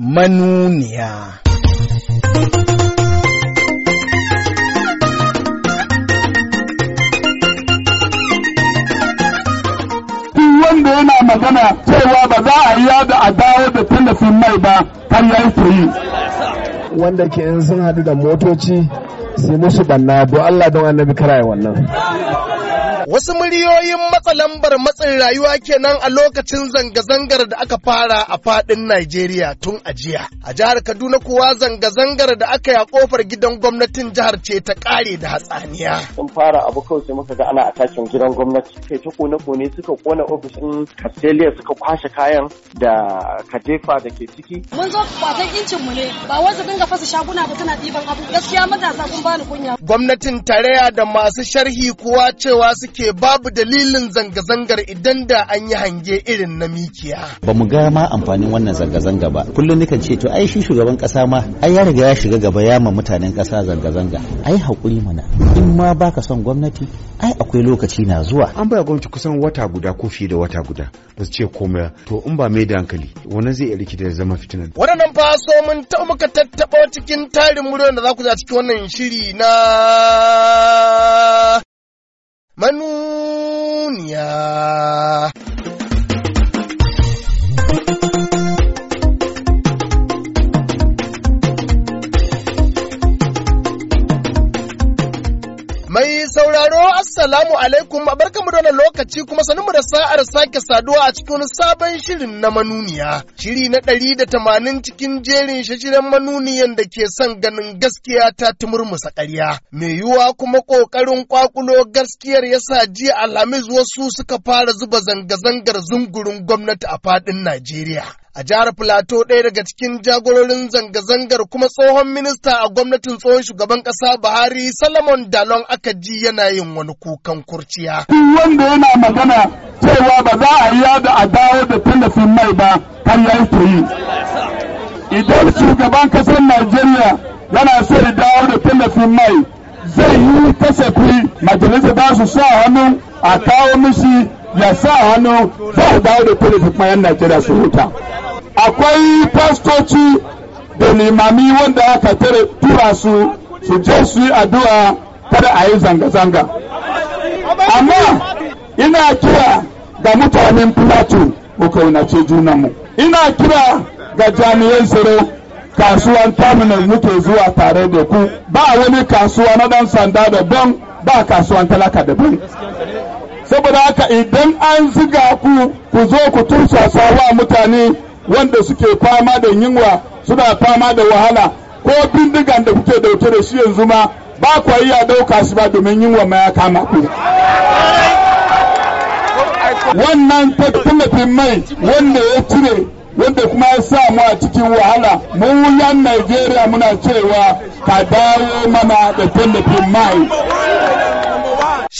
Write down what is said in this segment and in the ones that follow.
manuniya. wanda yana magana cewa ba za a yi da a dawo da tallafin mai ba har yayi yi wanda ke sun haɗu da motoci sai musu banna don Allah don annabi karaye wannan. Wasu miliyoyin matsa lambar matsin rayuwa kenan a lokacin zanga-zangar da aka fara a fadin Najeriya tun a jiya. A jihar Kaduna kuwa zanga-zangar da aka ya kofar gidan gwamnatin jihar ce ta kare da hatsaniya. Sun fara abu kawai sai muka ga ana a tashin gidan gwamnati. Kai ta kone-kone suka kona ofishin Castelia suka kwashe kayan da katefa da ke ciki. Mun zo kwatan incin mu ne ba wanda dinga fasa shaguna ba tana ɗiban abu gaskiya matasa kun bani kunya. Gwamnatin tarayya da masu sharhi kuwa cewa suke ce babu dalilin zanga-zangar idan da an yi hange irin na mikiya. Ba mu ga ma amfanin wannan zanga-zanga ba. Kullum kan ce to ai shi shugaban kasa ma ai ya riga ya shiga gaba ya ma mutanen kasa zanga-zanga. Ai hakuri mana. In ma baka son gwamnati ai akwai lokaci na zuwa. An baya gwamnati kusan wata guda ko fiye da wata guda. Ba su ce komai to in ba mai da hankali wannan zai iya rikita ya zama fitina. Waɗannan fa so mun ta muka tattaɓa cikin tarin muryar da za ku za cikin wannan shiri na manuniya. Mai sauraro Assalamu alaikum a barkamu da lokaci kuma mu da sa'ar sake saduwa a cikin sabon shirin na manuniya. Shiri na ɗari da tamanin cikin jerin shashiren manuniyan da ke son ganin gaskiya ta tumurmusa ƙarya. Mai yiwuwa kuma ƙoƙarin kwakulo gaskiyar ya sa jiya Alhamis wasu suka fara zuba zanga-zangar zungurin gwamnati a faɗin Najeriya. a jihar Filato ɗaya daga cikin jagororin zanga-zangar kuma tsohon minista a gwamnatin tsohon shugaban ƙasa Buhari Salomon Dalon aka ji yana yin wani kukan kurciya. Duk wanda yana magana cewa ba za a yi yada a dawo da tallafin mai ba har ya yi. Idan shugaban ƙasar Najeriya yana so ya dawo da tallafin mai zai yi kasafi majalisa ba su sa hannu a kawo mishi ya sa hannu za a dawo da policy kuma Najeriya su huta. Akwai fastoci da limami wanda aka tura su su je su yi addu'a kada a yi zanga-zanga. Amma ina kira ga mutanen Plateau mu kaunace junanmu. Ina kira ga jami'an tsaro kasuwan terminal muke zuwa tare da ku ba wani kasuwa na dan sanda daban ba kasuwan talaka da daban. saboda haka idan an ziga ku ku zo ku tursasa wa mutane wanda suke fama da yunwa suna fama da wahala ko bindigan da kuke dauke da shi yanzu ma ba ku iya dauka shi ba domin yunwa ma ya kama ku wannan tattalin mai wanda ya cire wanda kuma ya sa mu a cikin wahala mu yan Najeriya muna cewa ka dawo mana da tallafin mai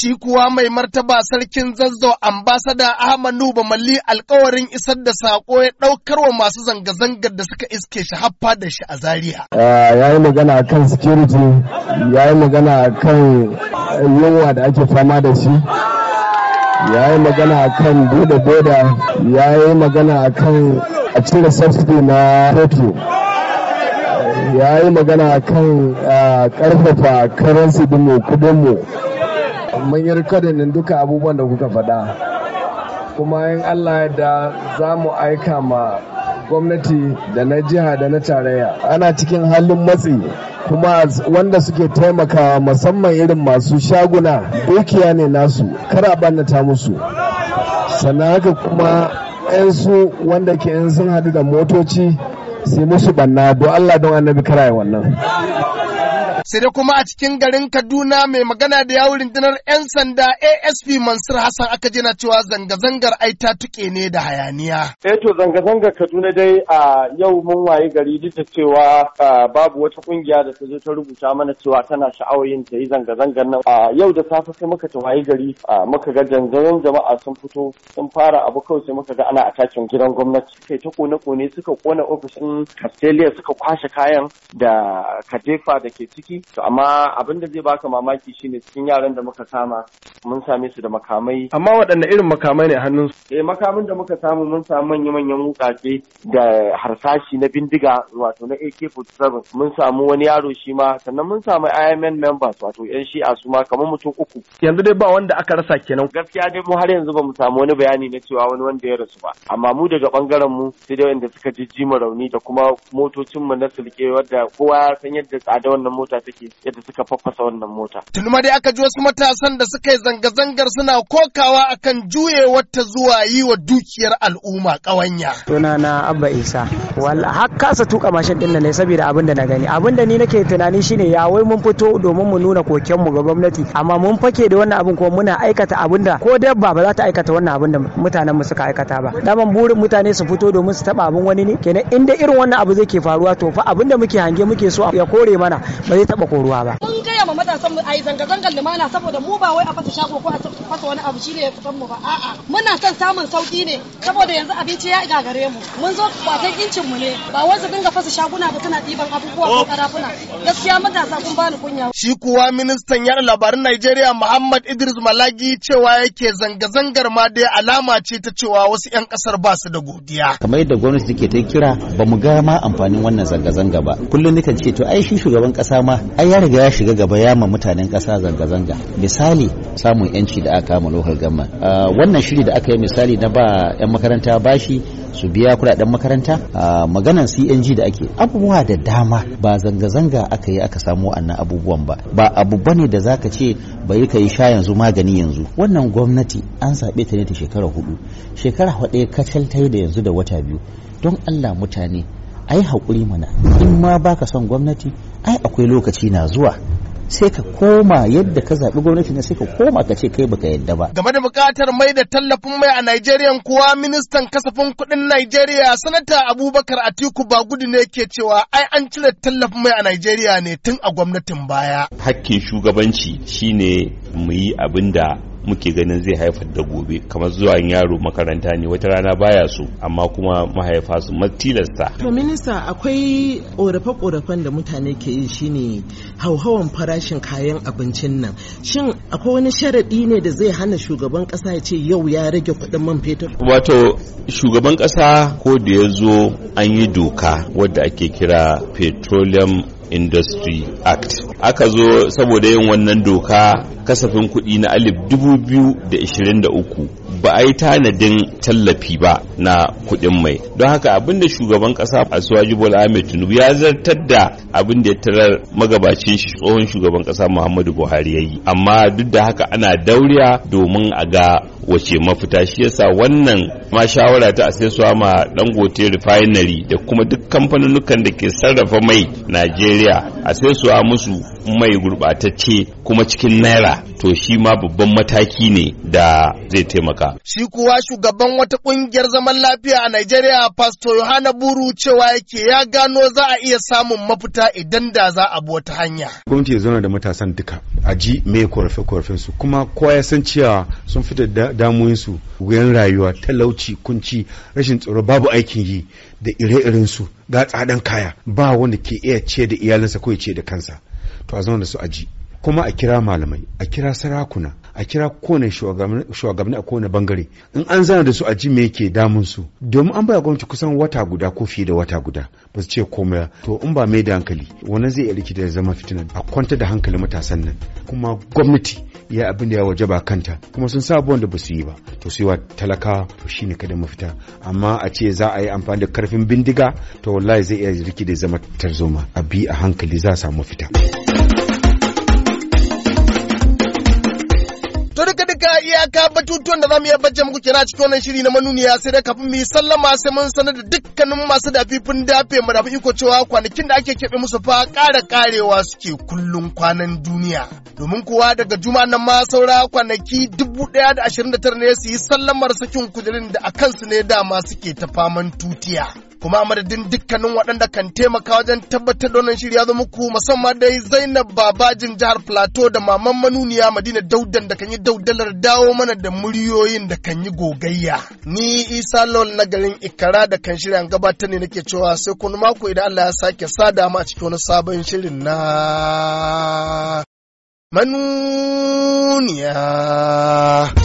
shi kuwa mai martaba sarkin zazzau ambasada Ahmad Nuba Malli alkawarin isar da sako ya daukar wa masu zanga-zangar da suka iske shi haffa da shi a Zariya. Ah, ya yi magana kan security, ya yi magana kan yunwa da ake fama da shi. ya yi magana kan buɗe boda ya yi magana kan a cire subsidy na fetur ya yi magana kan karfafa ah, karansi dinmu kudinmu mun yi duka abubuwan da kuka faɗa kuma in allah da za mu aika ma gwamnati da na jiha da na tarayya ana cikin halin matsi kuma wanda suke taimakawa musamman irin masu shaguna dukiya ne nasu kara ta musu sannan haka kuma 'yan su wanda ke sun hadu da motoci sai musu banna don allah don annabi kara wannan sai kuma a cikin garin Kaduna mai magana da yawon rundunar 'yan sanda ASP Mansur Hassan aka jina cewa zanga-zangar ai ta tuke ne da hayaniya. Eh to zanga-zangar Kaduna dai a yau mun waye gari duk da cewa babu wata kungiya da ta zo ta rubuta mana cewa tana sha'awayin ta yi zanga-zangar nan. A yau da safe sai muka ta waye gari muka ga zanzaron jama'a sun fito sun fara abu kawai sai muka ga ana a atakin gidan gwamnati. Kai ta kone-kone suka kona ofishin Castelia suka kwashe kayan da kadefa da ke ciki to amma abin da zai baka mamaki shine cikin yaran da muka kama mun same su da makamai amma waɗanne irin makamai ne a su? eh makamin da muka samu mun samu manya manyan wukace da harsashi na bindiga wato na AK47 mun samu wani yaro shi ma sannan mun samu IMN members wato yan a su ma kamar mutum uku yanzu dai ba wanda aka rasa kenan gaskiya dai mu har yanzu ba mu samu wani bayani na cewa wani wanda ya rasu ba amma mu daga bangaren mu sai dai wanda suka ji jima rauni da kuma motocin mu na sulke wadda kowa ya san yadda tsada wannan mota take yadda suka faffasa wannan mota. Tuni ma dai aka ji wasu matasan da suka yi zanga-zangar suna kokawa akan juye wata zuwa yi wa dukiyar al'umma ƙawanya. Tuna na Abba Isa. Wala har kasa tuka mashin ɗin ne saboda abin da na gani. Abin da ni nake tunani shine ya wai mun fito domin mu nuna kokenmu ga gwamnati amma mun fake da wannan abin kuma muna aikata abin da ko dabba ba za ta aikata wannan abin da mutanen mu suka aikata ba. Daman burin mutane su fito domin su taba abin wani ne kenan inda irin wannan abu zai ke faruwa to fa abin da muke hange muke so ya kore mana ba zai taɓa ko ruwa ba ma matasan mu ayi zanga-zangar limana saboda mu ba wai a fasa shago ko a fasa wani abu shine ya fitan mu ba a'a muna son samun sauki ne saboda yanzu abinci ya gagare mu mun zo kwatan incin mu ne ba wai su dinga fasa shaguna ba suna ɗiban abubuwa ko karafuna gaskiya matasa sun bani kunya shi kuwa ministan yada labarin Najeriya Muhammad Idris Malagi cewa yake zanga-zangar ma dai alama ce ta cewa wasu 'yan kasar ba su da godiya kamar yadda gwamnati take ta kira ba mu ga ma amfanin wannan zanga-zanga ba kullum nikan ce to ai shi shugaban kasa ma ai ya riga ya shiga gaba koya ma mutanen kasa zanga-zanga misali samun yanci da aka kama lokal gama ah, wannan shiri da aka yi misali na ba 'yan makaranta bashi su biya kuɗaɗen makaranta ah, maganan CNG da ake abubuwa da dama ba zanga-zanga aka yi aka samu wannan abubuwan ba ba abu bane da zaka ce bai ka yi sha yanzu magani yanzu wannan gwamnati an zaɓe ta ne ta shekara hudu shekara hudu kacal ta yi da yanzu da wata biyu don Allah mutane ai haƙuri mana in ma baka son gwamnati ai akwai lokaci na zuwa sai ka koma yadda ka zaɓi gwamnati na sai ka koma ka ce kai baka yadda ba. Game da buƙatar mai da tallafin mai a Najeriya kuwa ministan kasafin kuɗin Najeriya sanata Abubakar Atiku Bagudu ne ke cewa ai an cire tallafin mai a Najeriya ne tun a gwamnatin baya. Hakkin shugabanci shine mu yi abin da muke ganin zai haifar da gobe kamar zuwa yaro makaranta ne wata rana baya so amma kuma mahaifa su matilasta. to minista akwai ƙorafe korafen da mutane ke yi shine hauhawan farashin kayan abincin nan shin akwai wani sharaɗi ne da zai hana shugaban ƙasa ya ce yau ya rage kuɗin man fetur wato shugaban ƙasa ko da ya zo an yi doka wadda ake kira petroleum industry act aka zo saboda yin wannan doka kasafin kuɗi na alif dubu uku. ba a yi tanadin tallafi ba na kuɗin mai don haka abinda shugaban ƙasa asuwaji bola ahmed tinubu ya zartar da abin da ya tarar magabacin shi tsohon shugaban ƙasa muhammadu buhari ya yi amma duk da haka ana dauriya domin a ga wace mafita shi yasa wannan ma shawara ta asesuwa ma dangote refinery da kuma duk kamfanonukan da ke sarrafa mai najeriya asesuwa musu mai gurɓatacce kuma cikin naira to shi ma babban mataki ne da zai taimaka Shi kuwa shugaban wata ƙungiyar zaman lafiya a Najeriya Pastor Yohana Buru cewa yake ya gano za a iya samun mafita idan da za a bi wata hanya. Gwamnati ya zauna da matasan duka a ji me korafe korafen su kuma kowa ya san cewa sun fita damuwin su wuyan rayuwa talauci kunci rashin tsaro babu aikin yi da ire-iren su ga tsadan kaya ba wanda ke iya ce da iyalinsa ko ya ce da kansa to a zauna da su a ji. kuma a kira malamai a kira sarakuna a kira kowane shugabanni a kowane bangare in an zana da su a ji me yake damun su domin an baya gwamnati kusan wata guda ko fiye da wata guda ba su ce komai to in ba mai da hankali wannan zai iya rikita da zama fitina a kwanta da hankali matasan nan kuma gwamnati ya abin da ya waje ba kanta kuma sun sa abubuwan da ba su yi ba to su yi wa talaka to shine kada mafita amma a ce za a yi amfani da karfin bindiga to wallahi zai iya rikida da zama tarzoma a bi a hankali za a samu mafita. iyaka batutuwan da za mu iya bajje muku kenan cikin wannan shiri na manuniya sai da kafin mu yi sallama sai mun sanar da dukkanin masu dafifin dafe mu da iko cewa kwanakin da ake keɓe musu fa ƙara ƙarewa suke kullum kwanan duniya. Domin kuwa daga juma nan ma saura kwanaki dubu ɗaya da ashirin da tara ne su yi sallamar sakin kujerin da a kansu ne dama suke ta faman tutiya. kuma madadin dukkanin waɗanda kan taimaka wajen tabbatar da wannan shiri ya zo muku musamman dai Zainab Babajin jihar Plateau da maman manuniya Madina Daudan da kan yi daudalar da dawo mana da muryoyin da kan yi gogayya. Ni Isa Lol na garin Ikara da kan shirya gabata ne nake cewa sai kuma mako idan Allah ya sake sa mu a cikin wani sabon shirin na manuniya.